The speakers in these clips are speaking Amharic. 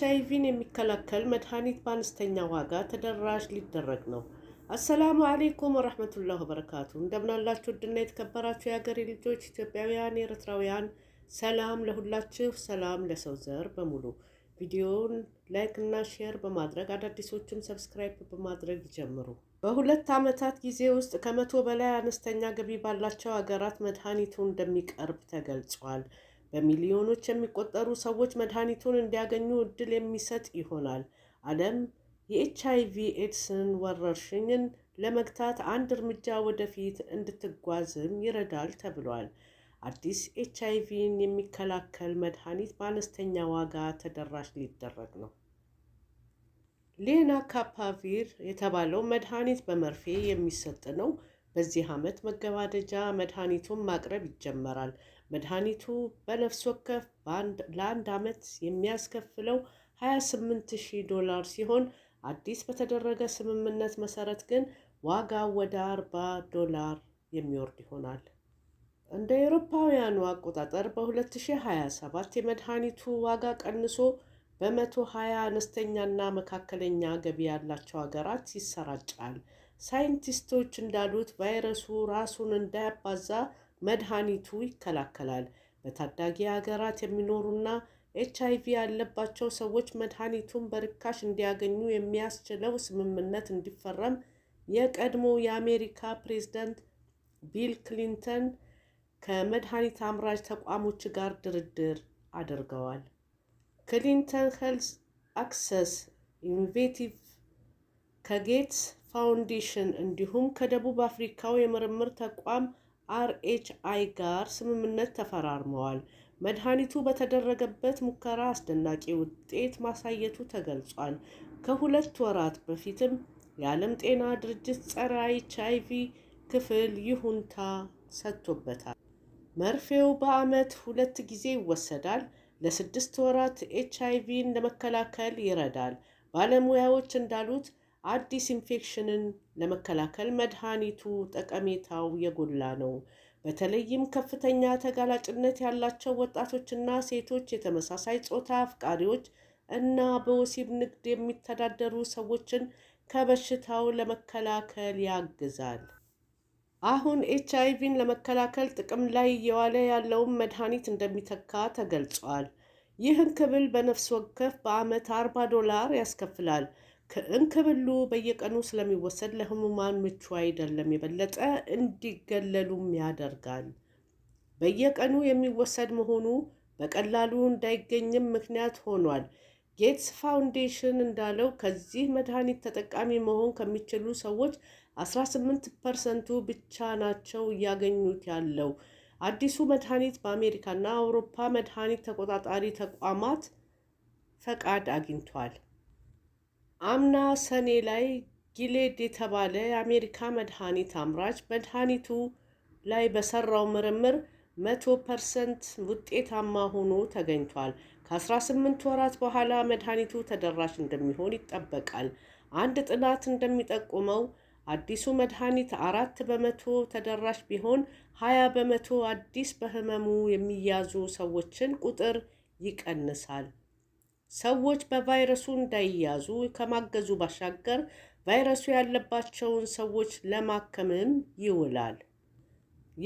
ኤችአይቪን የሚከላከል መድኃኒት በአነስተኛ ዋጋ ተደራሽ ሊደረግ ነው። አሰላሙ አሌይኩም ወረህመቱላህ ወበረካቱ። እንደምናላችሁ ድና የተከበራችሁ የሀገሬ ልጆች ኢትዮጵያውያን፣ ኤርትራውያን፣ ሰላም ለሁላችሁ፣ ሰላም ለሰው ዘር በሙሉ። ቪዲዮውን ላይክ እና ሼር በማድረግ አዳዲሶችም ሰብስክራይብ በማድረግ ይጀምሩ። በሁለት ዓመታት ጊዜ ውስጥ ከመቶ በላይ አነስተኛ ገቢ ባላቸው ሀገራት መድኃኒቱ እንደሚቀርብ ተገልጿል። በሚሊዮኖች የሚቆጠሩ ሰዎች መድኃኒቱን እንዲያገኙ እድል የሚሰጥ ይሆናል። ዓለም የኤች አይቪ ኤድስን ወረርሽኝን ለመግታት አንድ እርምጃ ወደፊት እንድትጓዝም ይረዳል ተብሏል። አዲስ ኤች አይቪን የሚከላከል መድኃኒት በአነስተኛ ዋጋ ተደራሽ ሊደረግ ነው። ሌና ካፓቪር የተባለው መድኃኒት በመርፌ የሚሰጥ ነው። በዚህ ዓመት መገባደጃ መድኃኒቱን ማቅረብ ይጀመራል። መድኃኒቱ በነፍስ ወከፍ ለአንድ ዓመት የሚያስከፍለው 28000 ዶላር ሲሆን አዲስ በተደረገ ስምምነት መሰረት ግን ዋጋው ወደ 40 ዶላር የሚወርድ ይሆናል። እንደ አውሮፓውያኑ አቆጣጠር በ2027 የመድኃኒቱ ዋጋ ቀንሶ በመቶ 20 አነስተኛና መካከለኛ ገቢ ያላቸው ሀገራት ይሰራጫል። ሳይንቲስቶች እንዳሉት ቫይረሱ ራሱን እንዳያባዛ መድኃኒቱ ይከላከላል። በታዳጊ ሀገራት የሚኖሩና ኤች አይ ቪ ያለባቸው ሰዎች መድኃኒቱን በርካሽ እንዲያገኙ የሚያስችለው ስምምነት እንዲፈረም የቀድሞ የአሜሪካ ፕሬዝዳንት ቢል ክሊንተን ከመድኃኒት አምራች ተቋሞች ጋር ድርድር አድርገዋል። ክሊንተን ሄልስ አክሰስ ኢኖቬቲቭ ከጌትስ ፋውንዴሽን እንዲሁም ከደቡብ አፍሪካው የምርምር ተቋም አርኤችአይ ጋር ስምምነት ተፈራርመዋል። መድኃኒቱ በተደረገበት ሙከራ አስደናቂ ውጤት ማሳየቱ ተገልጿል። ከሁለት ወራት በፊትም የዓለም ጤና ድርጅት ጸረ ኤችአይቪ ክፍል ይሁንታ ሰጥቶበታል። መርፌው በዓመት ሁለት ጊዜ ይወሰዳል። ለስድስት ወራት ኤችአይቪን ለመከላከል ይረዳል። ባለሙያዎች እንዳሉት አዲስ ኢንፌክሽንን ለመከላከል መድኃኒቱ ጠቀሜታው የጎላ ነው። በተለይም ከፍተኛ ተጋላጭነት ያላቸው ወጣቶችና ሴቶች፣ የተመሳሳይ ጾታ አፍቃሪዎች እና በወሲብ ንግድ የሚተዳደሩ ሰዎችን ከበሽታው ለመከላከል ያግዛል። አሁን ኤች አይ ቪን ለመከላከል ጥቅም ላይ እየዋለ ያለውን መድኃኒት እንደሚተካ ተገልጿል። ይህን ክብል በነፍስ ወከፍ በዓመት 40 ዶላር ያስከፍላል። እንክብሉ በየቀኑ ስለሚወሰድ ለህሙማን ምቹ አይደለም፣ የበለጠ እንዲገለሉም ያደርጋል። በየቀኑ የሚወሰድ መሆኑ በቀላሉ እንዳይገኝም ምክንያት ሆኗል። ጌትስ ፋውንዴሽን እንዳለው ከዚህ መድኃኒት ተጠቃሚ መሆን ከሚችሉ ሰዎች 18 ፐርሰንቱ ብቻ ናቸው እያገኙት ያለው። አዲሱ መድኃኒት በአሜሪካና አውሮፓ መድኃኒት ተቆጣጣሪ ተቋማት ፈቃድ አግኝቷል። አምና ሰኔ ላይ ጊሌድ የተባለ የአሜሪካ መድኃኒት አምራች መድኃኒቱ ላይ በሰራው ምርምር መቶ ፐርሰንት ውጤታማ ሆኖ ተገኝቷል። ከ18 ወራት በኋላ መድኃኒቱ ተደራሽ እንደሚሆን ይጠበቃል። አንድ ጥናት እንደሚጠቁመው አዲሱ መድኃኒት አራት በመቶ ተደራሽ ቢሆን ሀያ በመቶ አዲስ በህመሙ የሚያዙ ሰዎችን ቁጥር ይቀንሳል። ሰዎች በቫይረሱ እንዳይያዙ ከማገዙ ባሻገር ቫይረሱ ያለባቸውን ሰዎች ለማከምም ይውላል።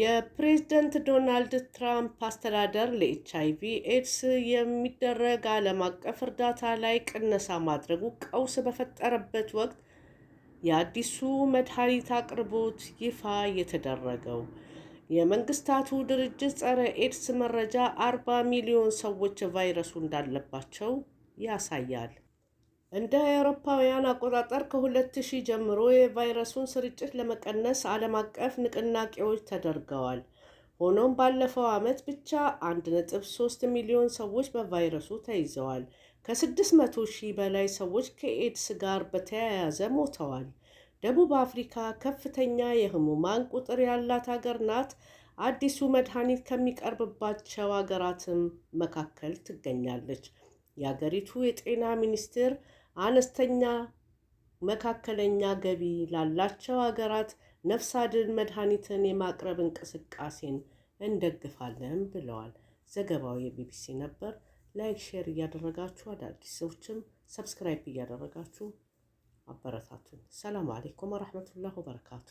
የፕሬዝደንት ዶናልድ ትራምፕ አስተዳደር ለኤች አይቪ ኤድስ የሚደረግ ዓለም አቀፍ እርዳታ ላይ ቅነሳ ማድረጉ ቀውስ በፈጠረበት ወቅት የአዲሱ መድኃኒት አቅርቦት ይፋ የተደረገው የመንግስታቱ ድርጅት ጸረ ኤድስ መረጃ አርባ ሚሊዮን ሰዎች ቫይረሱ እንዳለባቸው ያሳያል። እንደ አውሮፓውያን አቆጣጠር ከ2000 ጀምሮ የቫይረሱን ስርጭት ለመቀነስ ዓለም አቀፍ ንቅናቄዎች ተደርገዋል። ሆኖም ባለፈው ዓመት ብቻ 1.3 ሚሊዮን ሰዎች በቫይረሱ ተይዘዋል። ከ600 ሺህ በላይ ሰዎች ከኤድስ ጋር በተያያዘ ሞተዋል። ደቡብ አፍሪካ ከፍተኛ የህሙማን ቁጥር ያላት ሀገር ናት። አዲሱ መድኃኒት ከሚቀርብባቸው ሀገራትም መካከል ትገኛለች። የአገሪቱ የጤና ሚኒስቴር አነስተኛ መካከለኛ ገቢ ላላቸው ሀገራት ነፍስ አድን መድኃኒትን የማቅረብ እንቅስቃሴን እንደግፋለን ብለዋል። ዘገባው የቢቢሲ ነበር። ላይክ፣ ሼር እያደረጋችሁ አዳዲስ ሰዎችም ሰብስክራይብ እያደረጋችሁ አበረታቱን። ሰላም አሌይኩም ወረሕመቱላህ ወበረካቱ።